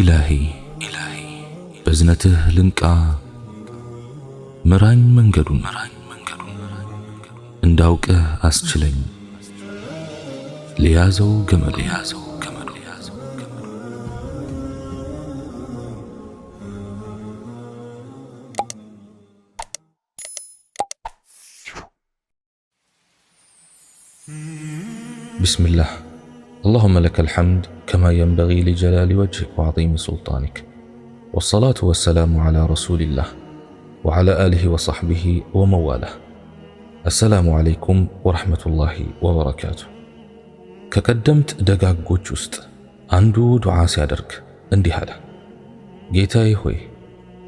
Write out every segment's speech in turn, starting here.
ኢላሂ ኢላሂ በዝነትህ ልንቃ ምራኝ መንገዱን እንዳውቅህ አስችለኝ ሊያዘው ገመዱ ያዘው ገመድ ያዘው ገመዱ ቢስሚላህ اللهم لك الحمد كما ينبغي لجلال وجهك وعظيم سلطانك والصلاة والسلام على رسول الله وعلى آله وصحبه ومواله السلام عليكم ورحمة الله وبركاته كقدمت دقاق جوست عندو دعاء سيادرك اندي هذا جيتاي هوي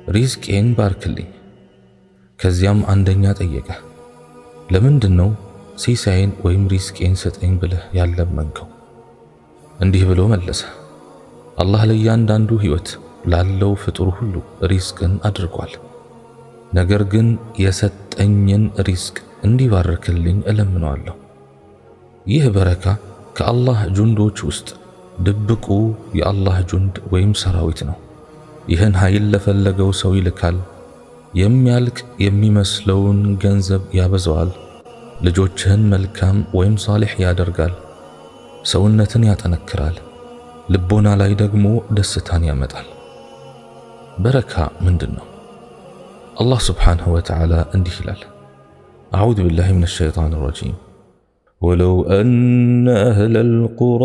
ريزك اين باركلي كزيام عندنيات ايقا لمن دنو سيساين ويم ريزك اين ست اين بله يعلم منكو እንዲህ ብሎ መለሰ። አላህ ለእያንዳንዱ ሕይወት ላለው ፍጡር ሁሉ ሪስክን አድርጓል። ነገር ግን የሰጠኝን ሪስክ እንዲባርክልኝ እለምነዋለሁ። ይህ በረካ ከአላህ ጁንዶች ውስጥ ድብቁ የአላህ ጁንድ ወይም ሰራዊት ነው። ይህን ኃይል ለፈለገው ሰው ይልካል። የሚያልቅ የሚመስለውን ገንዘብ ያበዛዋል። ልጆችህን መልካም ወይም ሳሊሕ ያደርጋል። ሰውነትን ያጠነክራል፣ ልቦና ላይ ደግሞ ደስታን ያመጣል። በረካ ምንድን ነው? አላህ ስብሓንሁ ወተዓላ እንዲህ ይላል፣ አዑዝ ቢላሂ ምን ሸይጣን ረጂም ወለው አነ አህለል ቁራ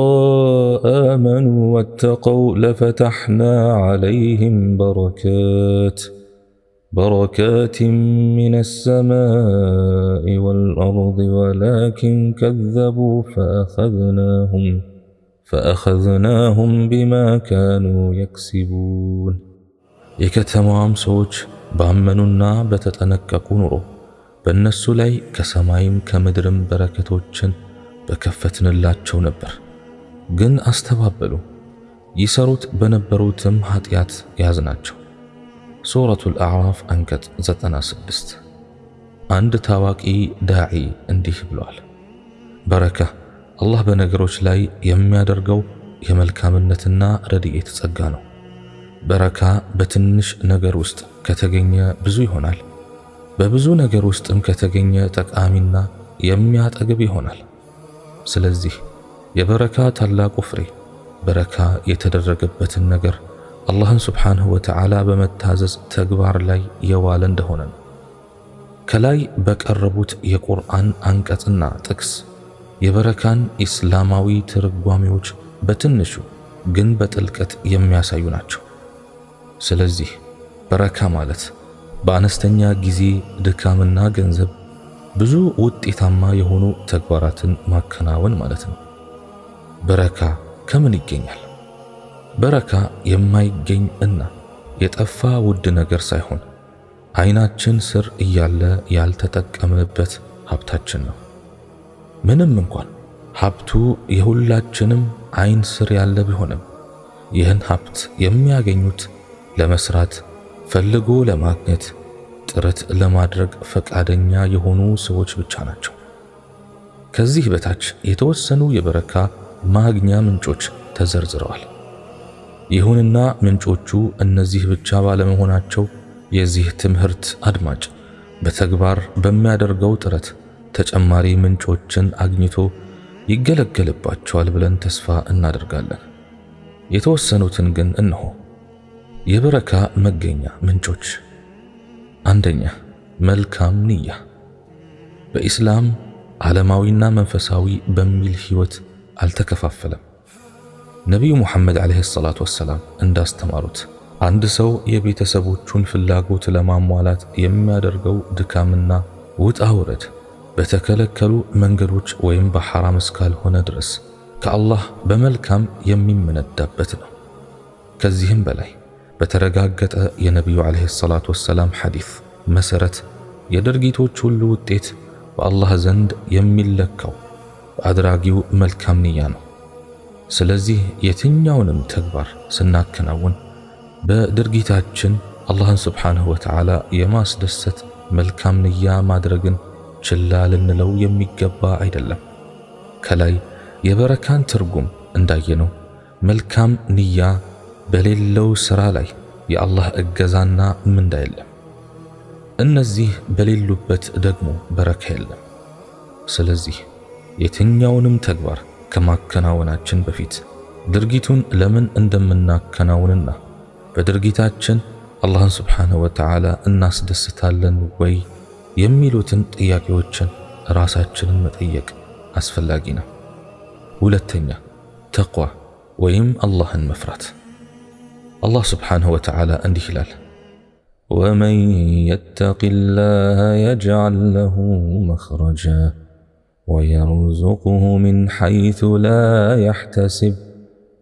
አመኑ ወተቀው ለፈታሕና ዓለይህም በረካት بركات من السماء والأرض ولكن كذبوا فأخذناهم فأخذناهم بما كانوا يكسبون يكتم عم سوج بعمن النعبة تتنك كونرو بأن السلعي كسمعيم كمدرم بركتوچن بكفتن الله نبر جن أستبابلو يسروت بنبروتم حتيات يازناتشون ሱረቱል አዕራፍ አንቀጽ 96 አንድ ታዋቂ ዳዒ እንዲህ ብሏል። በረካ አላህ በነገሮች ላይ የሚያደርገው የመልካምነትና ረድኤት ጸጋ ነው። በረካ በትንሽ ነገር ውስጥ ከተገኘ ብዙ ይሆናል። በብዙ ነገር ውስጥም ከተገኘ ጠቃሚና የሚያጠግብ ይሆናል። ስለዚህ የበረካ ታላቁ ፍሬ በረካ የተደረገበትን ነገር አላህን ስብሓንሁ ወተዓላ በመታዘዝ ተግባር ላይ የዋለ እንደሆነ ነው። ከላይ በቀረቡት የቁርአን አንቀጽና ጥቅስ የበረካን ኢስላማዊ ትርጓሜዎች በትንሹ ግን በጥልቀት የሚያሳዩ ናቸው። ስለዚህ በረካ ማለት በአነስተኛ ጊዜ ድካምና ገንዘብ ብዙ ውጤታማ የሆኑ ተግባራትን ማከናወን ማለት ነው። በረካ ከምን ይገኛል? በረካ የማይገኝ እና የጠፋ ውድ ነገር ሳይሆን አይናችን ስር እያለ ያልተጠቀምንበት ሀብታችን ነው። ምንም እንኳን ሀብቱ የሁላችንም አይን ስር ያለ ቢሆንም ይህን ሀብት የሚያገኙት ለመስራት ፈልጎ ለማግኘት ጥረት ለማድረግ ፈቃደኛ የሆኑ ሰዎች ብቻ ናቸው። ከዚህ በታች የተወሰኑ የበረካ ማግኛ ምንጮች ተዘርዝረዋል። ይሁንና ምንጮቹ እነዚህ ብቻ ባለመሆናቸው የዚህ ትምህርት አድማጭ በተግባር በሚያደርገው ጥረት ተጨማሪ ምንጮችን አግኝቶ ይገለገልባቸዋል ብለን ተስፋ እናደርጋለን። የተወሰኑትን ግን እነሆ። የበረካ መገኛ ምንጮች፣ አንደኛ መልካም ንያ። በኢስላም ዓለማዊና መንፈሳዊ በሚል ሕይወት አልተከፋፈለም። ነቢዩ ሙሐመድ ዓለይሂ ሰላቱ ወሰላም እንዳስተማሩት አንድ ሰው የቤተሰቦቹን ፍላጎት ለማሟላት የሚያደርገው ድካምና ውጣ ውረድ በተከለከሉ መንገዶች ወይም በሐራም እስካልሆነ ድረስ ከአላህ በመልካም የሚመነዳበት ነው። ከዚህም በላይ በተረጋገጠ የነቢዩ ዓለይሂ ሰላቱ ወሰላም ሐዲስ መሰረት የድርጊቶች ሁሉ ውጤት በአላህ ዘንድ የሚለካው በአድራጊው መልካም ንያ ነው። ስለዚህ የትኛውንም ተግባር ስናከናውን በድርጊታችን አላህን ስብሓንሁ ወተዓላ የማስደሰት መልካም ንያ ማድረግን ችላ ልንለው የሚገባ አይደለም። ከላይ የበረካን ትርጉም እንዳየነው መልካም ንያ በሌለው ሥራ ላይ የአላህ እገዛና ምንዳ የለም። እነዚህ በሌሉበት ደግሞ በረካ የለም። ስለዚህ የትኛውንም ተግባር ከማከናወናችን በፊት ድርጊቱን ለምን እንደምናከናውንና በድርጊታችን አላህን ስብሓንሁ ወተዓላ እናስደስታለን ወይ የሚሉትን ጥያቄዎችን ራሳችንን መጠየቅ አስፈላጊ ነው። ሁለተኛ ተቅዋ ወይም አላህን መፍራት። አላህ ስብሓንሁ ወተዓላ እንዲህ ይላል፣ ወመን የተቂላህ የጅዓል ለሁ መኽረጃ ويرزقه من حيث لا يحتسب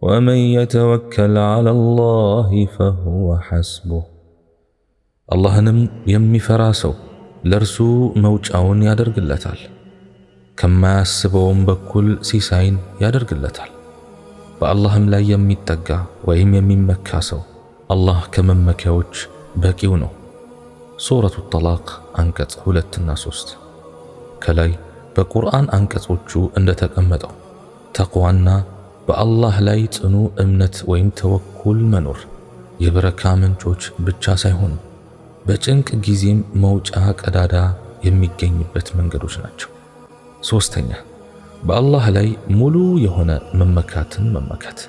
ومن يتوكل على الله فهو حسبه الله نم يمي فراسو لرسو موج اون يادر قلتال كما سبوم بكل سيساين يادر قلتال بألهم لا يمي التقع ويم يمي مكاسو الله كما مكاوج بكيونو سورة الطلاق أنكت هولت الناسوست كلاي በቁርአን አንቀጾቹ እንደተቀመጠው ተቅዋና በአላህ ላይ ጽኑ እምነት ወይም ተወኩል መኖር የበረካ ምንጮች ብቻ ሳይሆኑ በጭንቅ ጊዜም መውጫ ቀዳዳ የሚገኝበት መንገዶች ናቸው። ሶስተኛ በአላህ ላይ ሙሉ የሆነ መመካትን መመካት።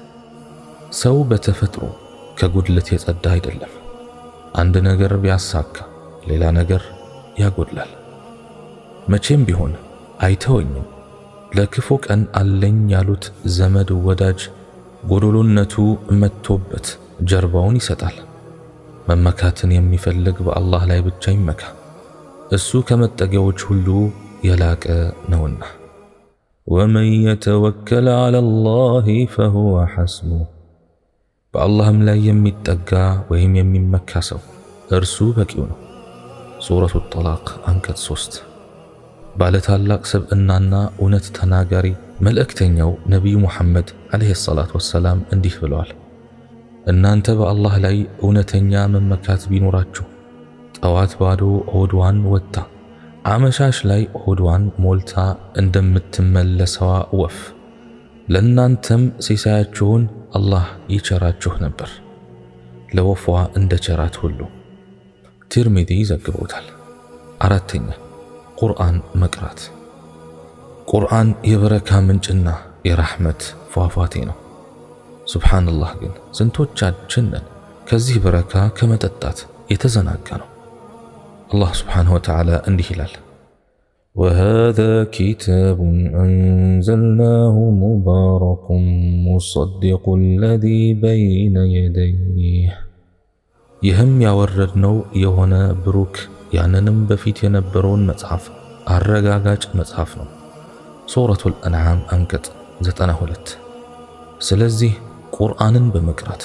ሰው በተፈጥሮ ከጉድለት የጸዳ አይደለም። አንድ ነገር ቢያሳካ ሌላ ነገር ያጎድላል። መቼም ቢሆን አይተወኝም። ለክፉ ቀን አለኝ ያሉት ዘመድ ወዳጅ ጎዶሎነቱ መጥቶበት ጀርባውን ይሰጣል። መመካትን የሚፈልግ በአላህ ላይ ብቻ ይመካ፣ እሱ ከመጠጊያዎች ሁሉ የላቀ ነውና። ወመን የተወከል ዐላ ላህ ፈሁወ ሐስቡ። በአላህም ላይ የሚጠጋ ወይም የሚመካ ሰው እርሱ በቂው ነው። ሱረቱ ጠላቅ አንቀጽ 3 ባለታላቅ ስብዕናና እውነት ተናጋሪ መልእክተኛው ነቢዩ ሙሐመድ ዓለይሂ ሰላት ወሰላም እንዲህ ብለዋል። እናንተ በአላህ ላይ እውነተኛ መመካት ቢኖራችሁ ጠዋት ባዶ ሆድዋን ወጥታ አመሻሽ ላይ ሆድዋን ሞልታ እንደምትመለሰዋ ወፍ ለእናንተም ሲሳያችሁን አላህ ይቸራችሁ ነበር ለወፏ እንደ ቸራት ሁሉ። ቲርሚዚ ዘግበውታል። አራተኛ ቁርአን መቅራት። ቁርአን የበረካ ምንጭና የራህመት ፏፏቴ ነው። ሱብሓነላህ ግን ስንቶቻችንን ከዚህ በረካ ከመጠጣት የተዘናጋ ነው። አላህ ስብሓንሁ ወተዓላ እንዲህ ይላል፣ ወሃዛ ኪታቡን አንዘልናሁ ሙባረኩን ሙሰዲቁ ለዚ በይነ የደይህ፣ ይህም ያወረድነው የሆነ ብሩክ ያንንም በፊት የነበረውን መጽሐፍ አረጋጋጭ መጽሐፍ ነው። ሱረቱል አንዓም አንቀጽ 92። ስለዚህ ቁርአንን በመቅራት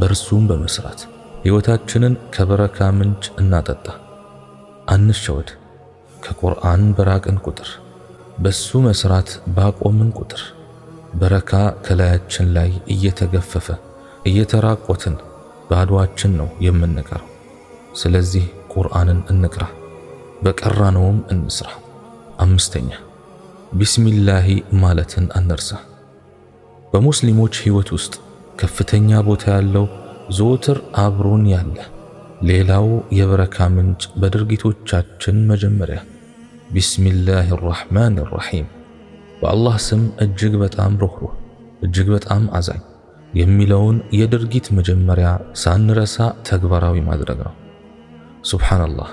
በርሱም በመስራት ሕይወታችንን ከበረካ ምንጭ እናጠጣ። አንሸወድ። ከቁርአን በራቅን ቁጥር በሱ መስራት ባቆምን ቁጥር በረካ ከላያችን ላይ እየተገፈፈ እየተራቆትን ባዶአችን ነው የምንቀረው። ስለዚህ ቁርአንን እንቅራ፣ በቀራነውም እንስራ። አምስተኛ ቢስሚላሂ ማለትን አንርሳ። በሙስሊሞች ሕይወት ውስጥ ከፍተኛ ቦታ ያለው ዘወትር አብሮን ያለ ሌላው የበረካ ምንጭ በድርጊቶቻችን መጀመሪያ ቢስሚላሂ ራሕማን ራሒም በአላህ ስም እጅግ በጣም ርኅሩህ እጅግ በጣም አዛኝ የሚለውን የድርጊት መጀመሪያ ሳንረሳ ተግባራዊ ማድረግ ነው። ሱብሓነላህ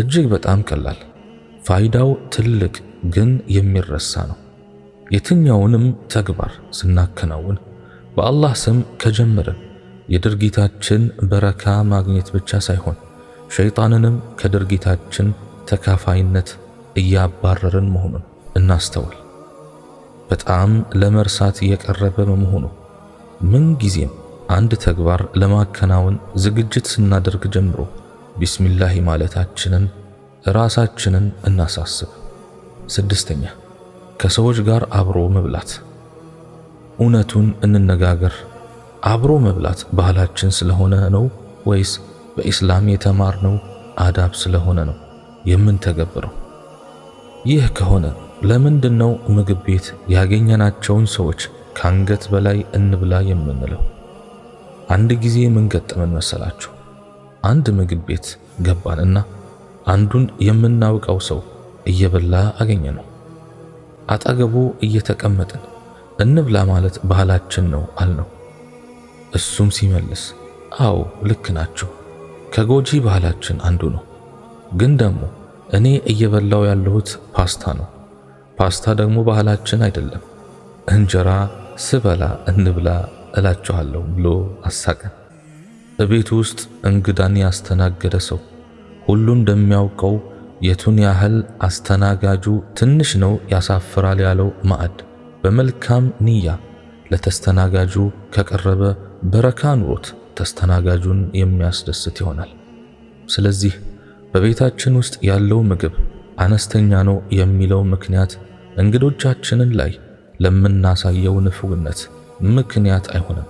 እጅግ በጣም ቀላል ፋይዳው ትልቅ ግን የሚረሳ ነው። የትኛውንም ተግባር ስናከናውን በአላህ ስም ከጀመርን የድርጊታችን በረካ ማግኘት ብቻ ሳይሆን ሸይጣንንም ከድርጊታችን ተካፋይነት እያባረርን መሆኑን እናስተውል። በጣም ለመርሳት የቀረበ በመሆኑ ምንጊዜም አንድ ተግባር ለማከናወን ዝግጅት ስናደርግ ጀምሮ ቢስሚላሂ ማለታችንን ራሳችንን እናሳስብ። ስድስተኛ ከሰዎች ጋር አብሮ መብላት። እውነቱን እንነጋገር፣ አብሮ መብላት ባህላችን ስለሆነ ነው ወይስ በኢስላም የተማርነው አዳብ ስለሆነ ነው የምንተገብረው? ይህ ከሆነ ለምንድነው ምግብ ቤት ያገኘናቸውን ሰዎች ከአንገት በላይ እንብላ የምንለው? አንድ ጊዜ ምን ገጠመን መሰላችሁ? አንድ ምግብ ቤት ገባን እና አንዱን የምናውቀው ሰው እየበላ አገኘ ነው። አጠገቡ እየተቀመጥን እንብላ ማለት ባህላችን ነው አልነው። እሱም ሲመልስ አዎ ልክ ናችሁ፣ ከጎጂ ባህላችን አንዱ ነው። ግን ደግሞ እኔ እየበላው ያለሁት ፓስታ ነው። ፓስታ ደግሞ ባህላችን አይደለም። እንጀራ ስበላ እንብላ እላችኋለሁ ብሎ አሳቀን። እቤት ውስጥ እንግዳን ያስተናገደ ሰው ሁሉ እንደሚያውቀው የቱን ያህል አስተናጋጁ ትንሽ ነው ያሳፍራል ያለው ማዕድ በመልካም ንያ ለተስተናጋጁ ከቀረበ በረካ ኑሮት ተስተናጋጁን የሚያስደስት ይሆናል። ስለዚህ በቤታችን ውስጥ ያለው ምግብ አነስተኛ ነው የሚለው ምክንያት እንግዶቻችንን ላይ ለምናሳየው ንፉግነት ምክንያት አይሆንም።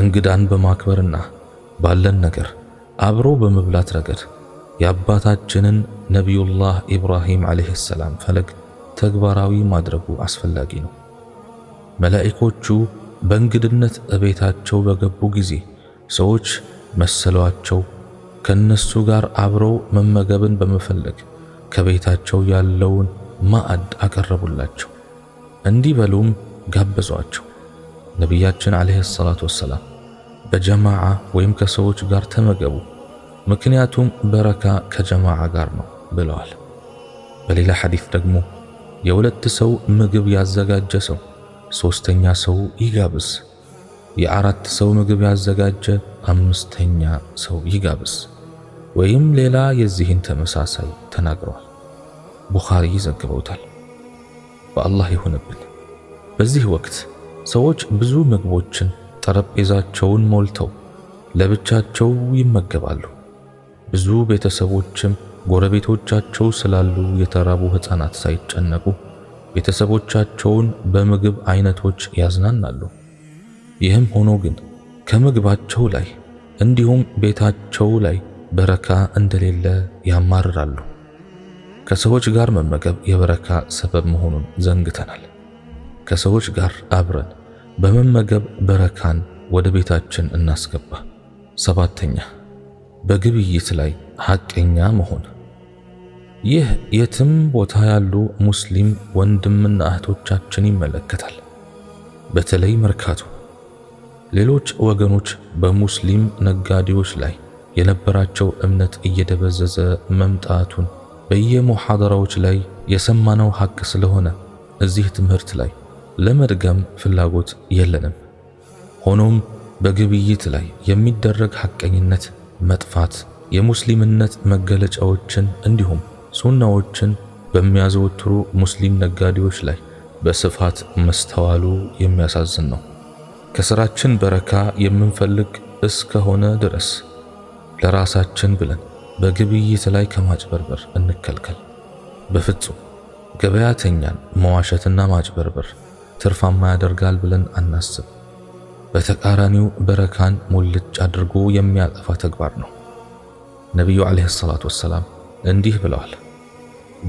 እንግዳን በማክበርና ባለን ነገር አብሮ በመብላት ረገድ የአባታችንን ነቢዩላህ ኢብራሂም ዓለይሂ ሰላም ፈለግ ተግባራዊ ማድረጉ አስፈላጊ ነው። መላኢኮቹ በእንግድነት እቤታቸው በገቡ ጊዜ ሰዎች መሰሏቸው ከነሱ ጋር አብረው መመገብን በመፈለግ ከቤታቸው ያለውን ማዕድ አቀረቡላቸው፣ እንዲበሉም ጋበዟቸው። ነቢያችን ዓለይሂ ሰላቱ ወሰላም በጀማዓ ወይም ከሰዎች ጋር ተመገቡ፣ ምክንያቱም በረካ ከጀማዓ ጋር ነው ብለዋል። በሌላ ሐዲስ ደግሞ የሁለት ሰው ምግብ ያዘጋጀ ሰው ሶስተኛ ሰው ይጋብዝ፣ የአራት ሰው ምግብ ያዘጋጀ አምስተኛ ሰው ይጋብዝ፣ ወይም ሌላ የዚህን ተመሳሳይ ተናግረዋል። ቡኻሪ ይዘግበውታል። በአላህ ይሁንብን። በዚህ ወቅት ሰዎች ብዙ ምግቦችን ጠረጴዛቸውን ሞልተው ለብቻቸው ይመገባሉ። ብዙ ቤተሰቦችም ጎረቤቶቻቸው ስላሉ የተራቡ ሕፃናት ሳይጨነቁ ቤተሰቦቻቸውን በምግብ አይነቶች ያዝናናሉ። ይህም ሆኖ ግን ከምግባቸው ላይ እንዲሁም ቤታቸው ላይ በረካ እንደሌለ ያማርራሉ። ከሰዎች ጋር መመገብ የበረካ ሰበብ መሆኑን ዘንግተናል። ከሰዎች ጋር አብረን በመመገብ በረካን ወደ ቤታችን እናስገባ። ሰባተኛ በግብይት ላይ ሐቀኛ መሆን። ይህ የትም ቦታ ያሉ ሙስሊም ወንድምና እህቶቻችን ይመለከታል። በተለይ መርካቶ፣ ሌሎች ወገኖች በሙስሊም ነጋዴዎች ላይ የነበራቸው እምነት እየደበዘዘ መምጣቱን በየሙሐደራዎች ላይ የሰማነው ሐቅ ስለሆነ እዚህ ትምህርት ላይ ለመድገም ፍላጎት የለንም። ሆኖም በግብይት ላይ የሚደረግ ሐቀኝነት መጥፋት የሙስሊምነት መገለጫዎችን እንዲሁም ሱናዎችን በሚያዘወትሩ ሙስሊም ነጋዴዎች ላይ በስፋት መስተዋሉ የሚያሳዝን ነው። ከስራችን በረካ የምንፈልግ እስከሆነ ድረስ ለራሳችን ብለን በግብይት ላይ ከማጭበርበር እንከልከል። በፍጹም ገበያተኛን መዋሸትና ማጭበርበር ትርፋማ ያደርጋል ብለን አናስብ። በተቃራኒው በረካን ሙልጭ አድርጎ የሚያጠፋ ተግባር ነው። ነቢዩ ዓለይሂ ሰላቱ ወሰላም እንዲህ ብለዋል፣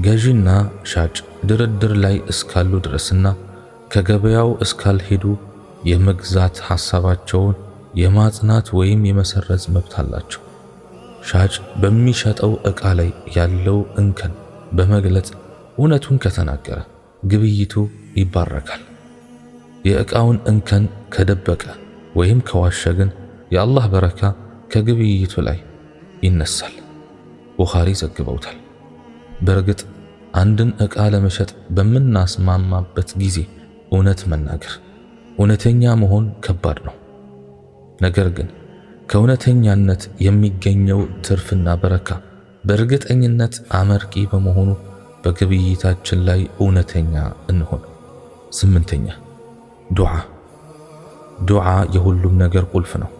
ገዢና ሻጭ ድርድር ላይ እስካሉ ድረስና ከገበያው እስካልሄዱ የመግዛት ሐሳባቸውን የማጽናት ወይም የመሰረዝ መብት አላቸው። ሻጭ በሚሸጠው ዕቃ ላይ ያለው እንከን በመግለጽ እውነቱን ከተናገረ ግብይቱ ይባረካል። የእቃውን እንከን ከደበቀ ወይም ከዋሸ ግን የአላህ በረካ ከግብይቱ ላይ ይነሳል። ቡኻሪ ዘግበውታል። በእርግጥ አንድን ዕቃ ለመሸጥ በምናስማማበት ጊዜ እውነት መናገር እውነተኛ መሆን ከባድ ነው። ነገር ግን ከእውነተኛነት የሚገኘው ትርፍና በረካ በእርግጠኝነት አመርቂ በመሆኑ በግብይታችን ላይ እውነተኛ እንሆን። ስምንተኛ ዱዓ ዱዓ የሁሉም ነገር ቁልፍ ነው።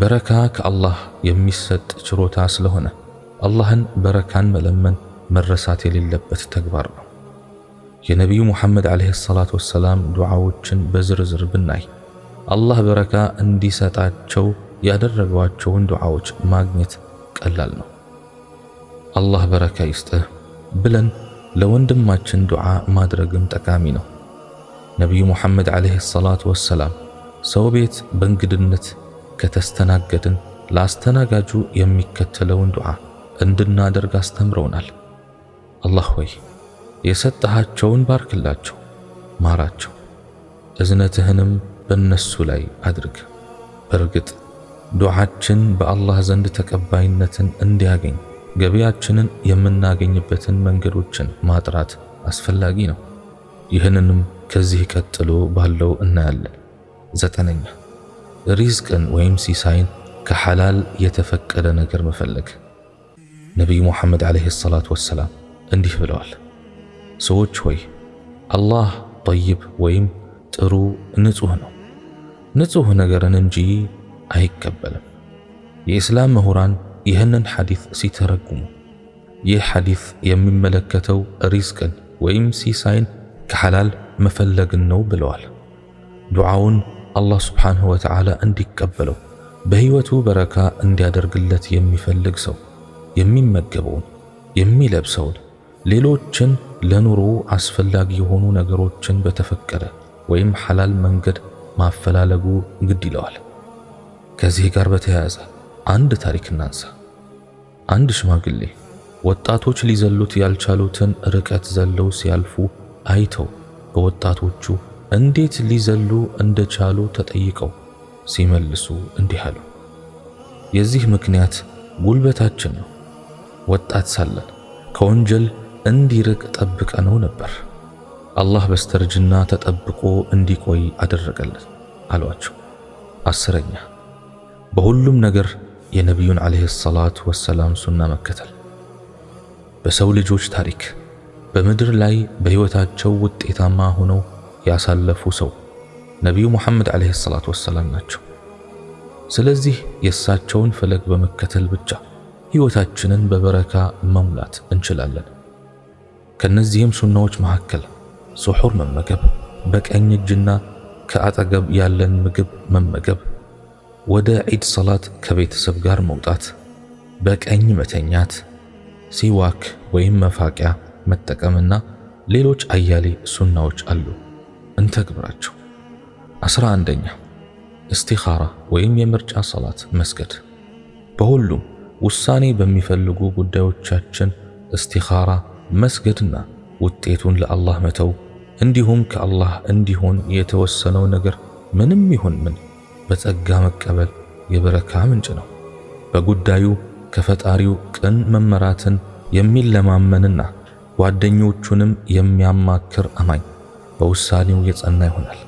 በረካ ከአላህ የሚሰጥ ችሮታ ስለሆነ አላህን በረካን መለመን መረሳት የሌለበት ተግባር ነው። የነቢዩ ሙሐመድ ዓለይሂ ሰላቱ ወሰላም ዱዓዎችን በዝርዝር ብናይ አላህ በረካ እንዲሰጣቸው ያደረጓቸውን ዱዓዎች ማግኘት ቀላል ነው። አላህ በረካ ይስጥህ ብለን ለወንድማችን ዱዓ ማድረግም ጠቃሚ ነው። ነቢዩ ሙሐመድ ዓለይሂ ሰላቱ ወሰላም ሰው ቤት በእንግድነት ከተስተናገድን ለአስተናጋጁ የሚከተለውን ዱዓ እንድናደርግ አስተምረውናል። አላህ ሆይ የሰጠሃቸውን ባርክላቸው፣ ማራቸው፣ እዝነትህንም በእነሱ ላይ አድርግ። በርግጥ ዱዓችን በአላህ ዘንድ ተቀባይነትን እንዲያገኝ ገቢያችንን የምናገኝበትን መንገዶችን ማጥራት አስፈላጊ ነው። ይህንንም ከዚህ ቀጥሎ ባለው እናያለን። ዘጠነኛ ሪዝቅን ወይም ሲሳይን ከሐላል የተፈቀደ ነገር መፈለግ። ነቢዩ ሙሐመድ ዓለይሂ ሰላቱ ወሰላም እንዲህ ብለዋል፣ ሰዎች ሆይ አላህ ጠይብ ወይም ጥሩ ንጹሕ ነው፣ ንጹሕ ነገርን እንጂ አይቀበልም። የእስላም ምሁራን ይህንን ሐዲፍ ሲተረጉሙ ይህ ሐዲፍ የሚመለከተው ሪዝቅን ወይም ሲሳይን ከሐላል መፈለግን ነው ብለዋል። ዱዓውን አላህ ሱብሓነሁ ወተዓላ እንዲቀበለው በሕይወቱ በረካ እንዲያደርግለት የሚፈልግ ሰው የሚመገበውን፣ የሚለብሰውን፣ ሌሎችን ለኑሮ አስፈላጊ የሆኑ ነገሮችን በተፈቀደ ወይም ሐላል መንገድ ማፈላለጉ ግድ ይለዋል። ከዚህ ጋር በተያያዘ አንድ ታሪክ እናንሳ። አንድ ሽማግሌ ወጣቶች ሊዘሉት ያልቻሉትን ርቀት ዘለው ሲያልፉ አይተው በወጣቶቹ እንዴት ሊዘሉ እንደቻሉ ተጠይቀው ሲመልሱ እንዲህ አሉ። የዚህ ምክንያት ጉልበታችን ነው። ወጣት ሳለን ከወንጀል እንዲርቅ ጠብቀነው ነበር። አላህ በስተርጅና ተጠብቆ እንዲቆይ አደረገልን አሏቸው። አስረኛ በሁሉም ነገር የነቢዩን ዓለይሂ ሰላቱ ወሰላም ሱና መከተል። በሰው ልጆች ታሪክ በምድር ላይ በህይወታቸው ውጤታማ ሆነው ያሳለፉ ሰው ነቢዩ ሙሐመድ ዓለይሂ ሰላቱ ወሰላም ናቸው። ስለዚህ የእሳቸውን ፈለግ በመከተል ብቻ ህይወታችንን በበረካ መሙላት እንችላለን። ከነዚህም ሱናዎች መካከል ስሑር መመገብ፣ በቀኝ እጅና ከአጠገብ ያለን ምግብ መመገብ፣ ወደ ዒድ ሰላት ከቤተሰብ ጋር መውጣት፣ በቀኝ መተኛት፣ ሲዋክ ወይም መፋቂያ መጠቀምና ሌሎች አያሌ ሱናዎች አሉ። እንተግብራቸው። አስራ አንደኛ እስቲኻራ ወይም የምርጫ ሰላት መስገድ። በሁሉም ውሳኔ በሚፈልጉ ጉዳዮቻችን እስቲኻራ መስገድና ውጤቱን ለአላህ መተው እንዲሁም ከአላህ እንዲሆን የተወሰነው ነገር ምንም ይሁን ምን በጸጋ መቀበል የበረካ ምንጭ ነው። በጉዳዩ ከፈጣሪው ቅን መመራትን የሚለማመንና ጓደኞቹንም የሚያማክር አማኝ በውሳኔው የጸና ይሆናል፣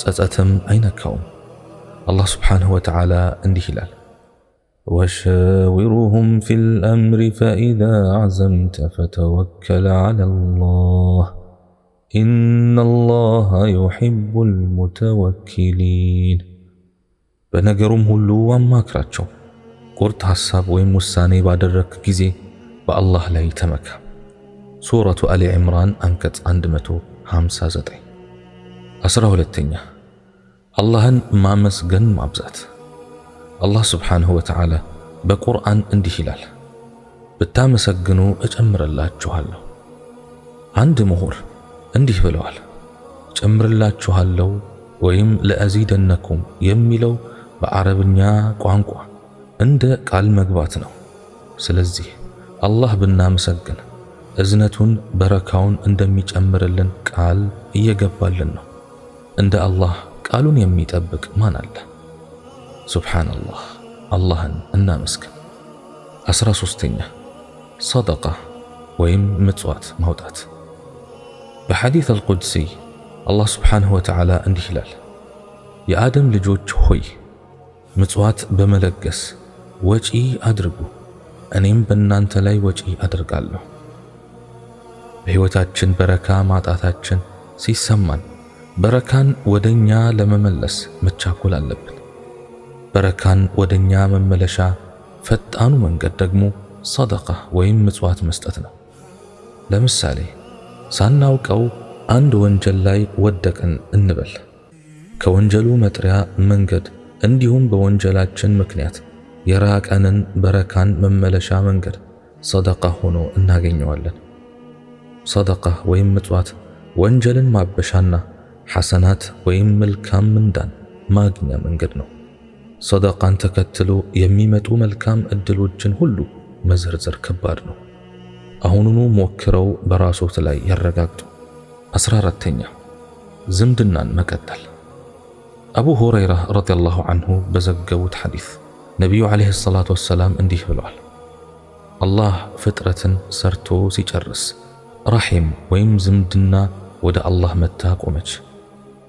ጸጸትም አይነካውም። አላህ ስብሓንሁ ወተዓላ እንዲህ ይላል፣ ወሻዊሩሁም ፊል አምሪ ፈኢዛ አዘምተ ፈተወከል ዐለላህ ኢነላሃ ዩሒቡል ሙተወኪሊን። በነገሩም ሁሉ አማክራቸው፣ ቁርጥ ሐሳብ ወይም ውሳኔ ባደረክ ጊዜ በአላህ ላይ ተመካ። ሱረቱ አሊ ዕምራን አንቀጽ 159 አስራ ሁለተኛ አላህን ማመስገን ማብዛት። አላህ ስብሓንሁ ወተዓላ በቁርአን እንዲህ ይላል፣ ብታመሰግኑ እጨምርላችኋለሁ። አንድ ምሁር እንዲህ ብለዋል፣ ጨምርላችኋለሁ ወይም ለአዚደነኩም የሚለው በዓረብኛ ቋንቋ እንደ ቃል መግባት ነው። ስለዚህ አላህ ብናመሰግን እዝነቱን በረካውን እንደሚጨምርልን ቃል እየገባልን ነው። እንደ አላህ ቃሉን የሚጠብቅ ማን አለ? ሱብሓነላህ፣ አላህን እናመስግን። አስራ ሶስተኛ ሰደቃ ወይም ምጽዋት ማውጣት። በሐዲት አልቁድሲ አላህ ሱብሓነሁ ወተዓላ እንዲህ ይላል፣ የአደም ልጆች ሆይ ምጽዋት በመለገስ ወጪ አድርጉ፣ እኔም በእናንተ ላይ ወጪ አድርጋለሁ። በሕይወታችን በረካ ማጣታችን ሲሰማን በረካን ወደኛ ለመመለስ መቻኮል አለብን። በረካን ወደኛ መመለሻ ፈጣኑ መንገድ ደግሞ ሰደቃ ወይም ምጽዋት መስጠት ነው። ለምሳሌ ሳናውቀው አንድ ወንጀል ላይ ወደቅን እንበል። ከወንጀሉ መጥሪያ መንገድ እንዲሁም በወንጀላችን ምክንያት የራቀንን በረካን መመለሻ መንገድ ሰደቃ ሆኖ እናገኘዋለን። ሰደቃ ወይም ምጽዋት ወንጀልን ማበሻና ሐሰናት ወይም መልካም ምንዳን ማግኛ መንገድ ነው። ሰደቃን ተከትሎ የሚመጡ መልካም ዕድሎችን ሁሉ መዘርዘር ከባድ ነው። አሁኑኑ ሞክረው በራሶት ላይ ያረጋግጡ። አስራ አራተኛ ዝምድናን መቀጠል። አቡ ሁረይራ ረዲየላሁ አንሁ በዘገቡት ሐዲስ ነቢዩ ዓለይሂ ሰላቱ ወሰላም እንዲህ ብለዋል፣ አላህ ፍጥረትን ሰርቶ ሲጨርስ ራሒም ወይም ዝምድና ወደ አላህ መታ ቆመች።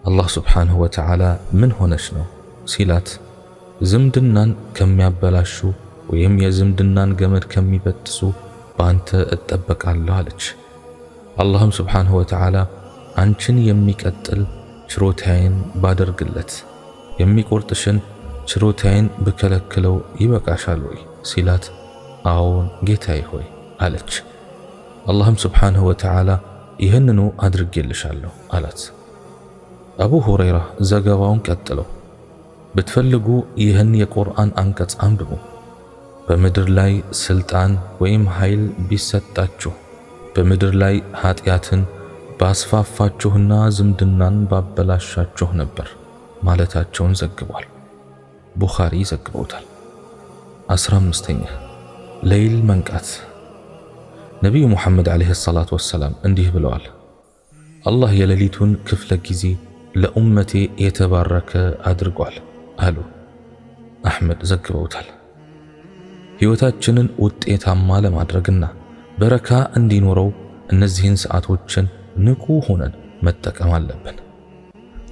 አላህ ስብሓንሁ ወተዓላ ምን ሆነች ነው ሲላት ዝምድናን ከሚያበላሹ ወይም የዝምድናን ገመድ ከሚበጥሱ በአንተ እጠበቃለሁ አለች። አላህም ስብሓንሁ ወተዓላ አንቺን የሚቀጥል ችሮታዬን ባደርግለት የሚቆርጥሽን ችሮታዬን ብከለክለው ይበቃሻል ወይ ሲላት አዎን ጌታዬ ሆይ አለች። አላህም ስብሓንሁ ወተዓላ ይህንኑ አድርጌልሻለሁ አላት። አቡ ሁረይራ ዘገባውን ቀጥለው ብትፈልጉ ይህን የቁርአን አንቀጽ አንብቡ። በምድር ላይ ስልጣን ወይም ኃይል ቢሰጣችሁ በምድር ላይ ኃጢአትን ባስፋፋችሁና ዝምድናን ባበላሻችሁ ነበር ማለታቸውን ዘግቧል። ቡኻሪ ዘግበውታል። አስራ አምስተኛ ሌይል መንቃት ነቢዩ ሙሐመድ ዓለይሂ ሰላቱ ወሰላም እንዲህ ብለዋል፣ አላህ የሌሊቱን ክፍለ ጊዜ ለኡመቴ የተባረከ አድርጓል አሉ። አሕመድ ዘግበውታል። ሕይወታችንን ውጤታማ ለማድረግና በረካ እንዲኖረው እነዚህን ሰዓቶችን ንቁ ሆነን መጠቀም አለብን።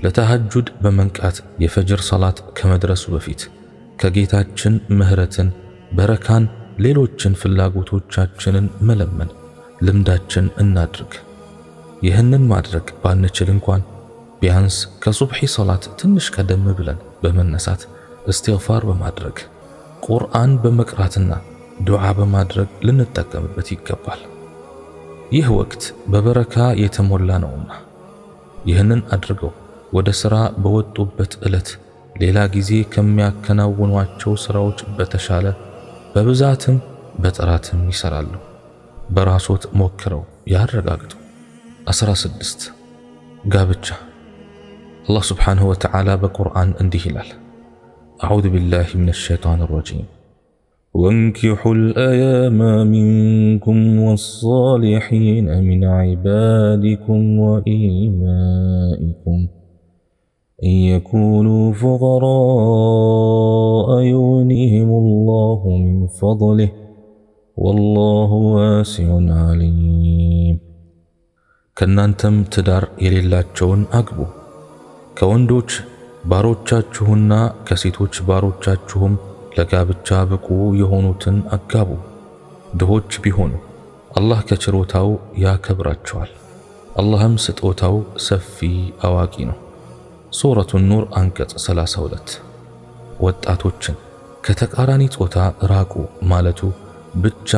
ለተሐጁድ በመንቃት የፈጅር ሰላት ከመድረሱ በፊት ከጌታችን ምሕረትን በረካን ሌሎችን ፍላጎቶቻችንን መለመን ልምዳችን እናድርግ። ይህንን ማድረግ ባንችል እንኳን ቢያንስ ከሱብሒ ሰላት ትንሽ ቀደም ብለን በመነሳት እስትግፋር በማድረግ ቁርአን በመቅራትና ዱዓ በማድረግ ልንጠቀምበት ይገባል። ይህ ወቅት በበረካ የተሞላ ነውና ይህንን አድርገው ወደ ሥራ በወጡበት ዕለት ሌላ ጊዜ ከሚያከናውኗቸው ሥራዎች በተሻለ በብዛትም በጥራትም ይሰራሉ። በራሶት ሞክረው ያረጋግጡ። 16 ጋብቻ አላህ ስብሓንሁ ወተዓላ በቁርአን እንዲህ ይላል፣ አዑዙ ቢላህ ምን ሸይጣን ረጂም وانكحوا الأيام منكم والصالحين من عبادكم وإيمائكم إن يكونوا فقراء يغنيهم الله من فضله والله واسع عليم ከእናንተም ትዳር የሌላቸውን አግቡ ከወንዶች ባሮቻችሁና ከሴቶች ባሮቻችሁም ለጋብቻ ብቁ የሆኑትን አጋቡ። ድሆች ቢሆኑ አላህ ከችሮታው ያከብራቸዋል። አላህም ስጦታው ሰፊ አዋቂ ነው። ሱረቱ ኑር አንቀጽ 32 ወጣቶችን ከተቃራኒ ጾታ ራቁ ማለቱ ብቻ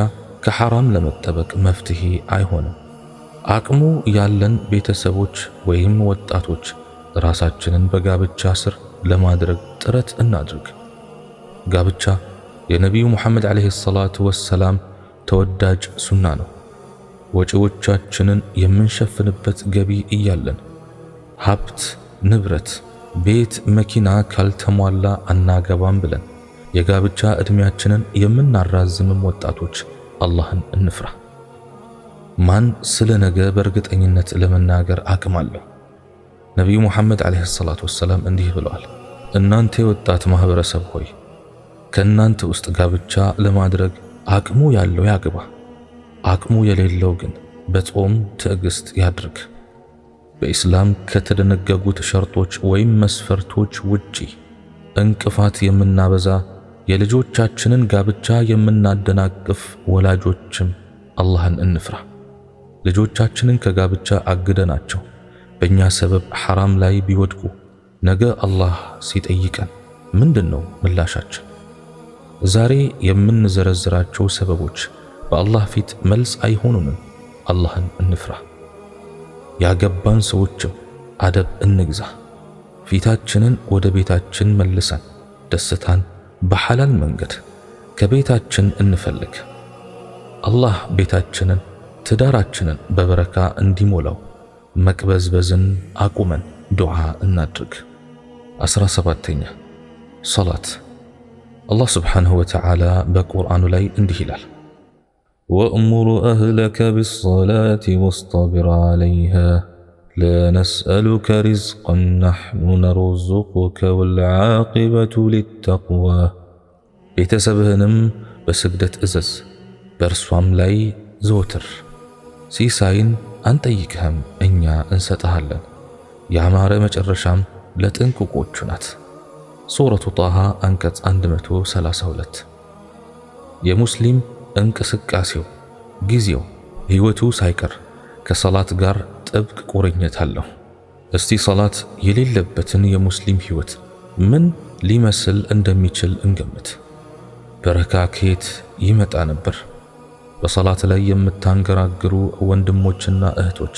ከሐራም ለመጠበቅ መፍትሄ አይሆንም። አቅሙ ያለን ቤተሰቦች ወይም ወጣቶች ራሳችንን በጋብቻ ስር ለማድረግ ጥረት እናድርግ። ጋብቻ የነቢዩ ሙሐመድ ዓለይሂ ሰላቱ ወሰላም ተወዳጅ ሱና ነው። ወጪዎቻችንን የምንሸፍንበት ገቢ እያለን ሀብት ንብረት፣ ቤት፣ መኪና ካልተሟላ አናገባም ብለን የጋብቻ ዕድሜያችንን የምናራዝምም ወጣቶች አላህን እንፍራ። ማን ስለ ነገ በእርግጠኝነት ለመናገር አቅም አለው? ነቢዩ ሙሐመድ ዓለይሂ ሰላቱ ወሰላም እንዲህ ብለዋል፣ እናንተ የወጣት ማኅበረሰብ ሆይ ከእናንተ ውስጥ ጋብቻ ለማድረግ አቅሙ ያለው ያግባ፣ አቅሙ የሌለው ግን በጾም ትዕግሥት ያድርግ። በኢስላም ከተደነገጉት ሸርጦች ወይም መስፈርቶች ውጪ እንቅፋት የምናበዛ የልጆቻችንን ጋብቻ የምናደናቅፍ ወላጆችም አላህን እንፍራ። ልጆቻችንን ከጋብቻ አግደናቸው በእኛ ሰበብ ሐራም ላይ ቢወድቁ ነገ አላህ ሲጠይቀን ምንድን ነው ምላሻችን? ዛሬ የምንዘረዝራቸው ሰበቦች በአላህ ፊት መልስ አይሆኑንም። አላህን እንፍራ። ያገባን ሰዎችም አደብ እንግዛ። ፊታችንን ወደ ቤታችን መልሰን ደስታን በሐላል መንገድ ከቤታችን እንፈልግ። አላህ ቤታችንን፣ ትዳራችንን በበረካ እንዲሞላው መቅበዝበዝን አቁመን ዱዓ እናድርግ። አስራ ሰባተኛ ሰላት። አላህ ስብሓንሁ ወተዓላ በቁርአኑ ላይ እንዲህ ይላል وامر اهلك بالصلاه واصطبر عليها لا نسالك رزقا نحن نرزقك والعاقبه للتقوى بتسبهنم بسبدت ازس برسوام لاي زوتر سي ساين انت يكهم انيا تهلل يا مارمج الرشام لا تنكو سورة طه أنكت أندمتو سلاسولت يا مسلم እንቅስቃሴው፣ ጊዜው፣ ሕይወቱ ሳይቀር ከሰላት ጋር ጥብቅ ቁርኝት አለው። እስቲ ሰላት የሌለበትን የሙስሊም ሕይወት ምን ሊመስል እንደሚችል እንገምት። በረካ ከየት ይመጣ ነበር? በሰላት ላይ የምታንገራግሩ ወንድሞችና እህቶች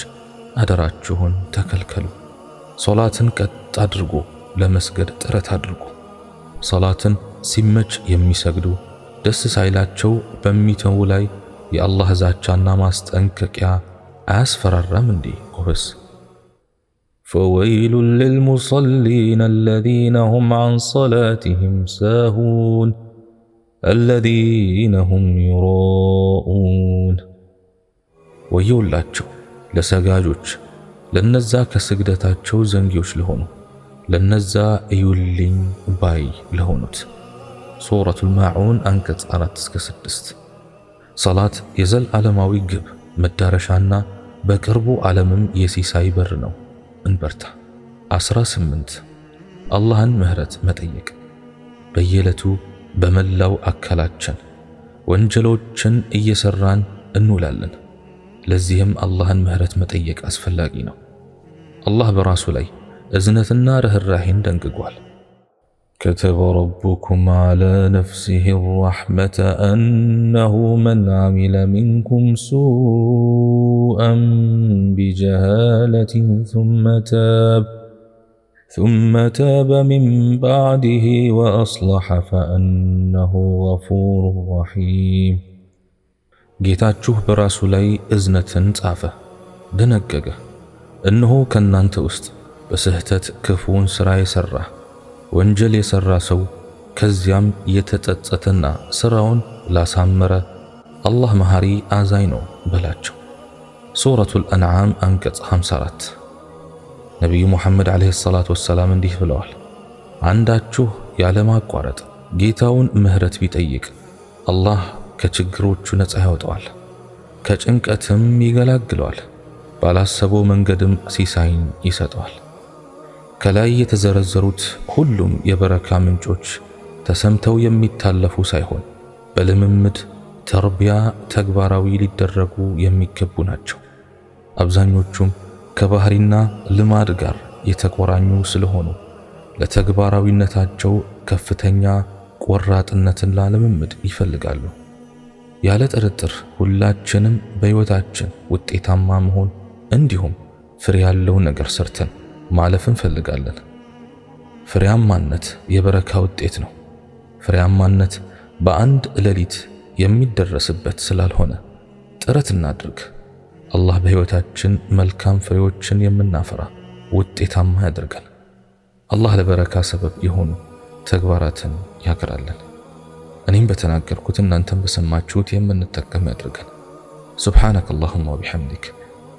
አደራችሁን ተከልከሉ። ሶላትን ቀጥ አድርጎ ለመስገድ ጥረት አድርጉ። ሰላትን ሲመች የሚሰግዱ ደስ ሳይላቸው በሚተዉ ላይ የአላህ ዛቻና ማስጠንቀቂያ አያስፈራራም እንዴ? ጎበስ ፈወይሉን ልልሙሰሊን አለዚነ ሁም አን ሰላትህም ሳሁን አለዚነ ሁም ዩራኡን። ወየውላቸው ለሰጋጆች፣ ለነዛ ከስግደታቸው ዘንጊዎች ለሆኑ፣ ለነዛ እዩልኝ ባይ ለሆኑት ሱረቱል ማዑን አንቀጽ 4 እስከ 6። ሰላት የዘላለማዊ ግብ መዳረሻና በቅርቡ ዓለምም የሲሳይ በር ነው። እንበርታ። 18 አላህን ምህረት መጠየቅ በየዕለቱ በመላው አካላችን ወንጀሎችን እየሰራን እንውላለን። ለዚህም አላህን ምህረት መጠየቅ አስፈላጊ ነው። አላህ በራሱ ላይ እዝነትና ርህራሄን ደንግጓል። كتب ربكم على نفسه الرحمة أنه من عمل منكم سوءا بجهالة ثم تاب ثم تاب من بعده وأصلح فأنه غفور رحيم ጌታችሁ በራሱ ላይ እዝነትን ጻፈ፣ ደነገገ። እነሆ ከእናንተ ውስጥ بسهتت كفون سراي سره ወንጀል የሰራ ሰው ከዚያም የተጸጸተና ስራውን ላሳመረ አላህ መሐሪ አዛኝ ነው በላቸው። ሱረቱል አንዓም አንቀጽ 54 ነቢዩ ሙሐመድ ዓለይሂ ሰላቱ ወሰላም እንዲህ ብለዋል፣ አንዳችሁ ያለማቋረጥ ጌታውን ምህረት ቢጠይቅ አላህ ከችግሮቹ ነፃ ያወጣዋል፣ ከጭንቀትም ይገላግለዋል፣ ባላሰበው መንገድም ሲሳይን ይሰጠዋል። ከላይ የተዘረዘሩት ሁሉም የበረካ ምንጮች ተሰምተው የሚታለፉ ሳይሆን በልምምድ ተርቢያ ተግባራዊ ሊደረጉ የሚገቡ ናቸው። አብዛኞቹም ከባህሪና ልማድ ጋር የተቆራኙ ስለሆኑ ለተግባራዊነታቸው ከፍተኛ ቆራጥነትና ልምምድ ይፈልጋሉ። ያለ ጥርጥር ሁላችንም በሕይወታችን ውጤታማ መሆን እንዲሁም ፍሬ ያለው ነገር ሰርተን ማለፍ እንፈልጋለን። ፍሬያማነት የበረካ ውጤት ነው። ፍሬያማነት በአንድ ሌሊት የሚደረስበት ስላልሆነ ጥረት እናድርግ። አላህ በሕይወታችን መልካም ፍሬዎችን የምናፈራ ውጤታማ ያደርገን። አላህ ለበረካ ሰበብ የሆኑ ተግባራትን ያግራለን። እኔም በተናገርኩት እናንተም በሰማችሁት የምንጠቀም ያደርገን ሱብሓነከ አላሁማ ወቢሐምዲክ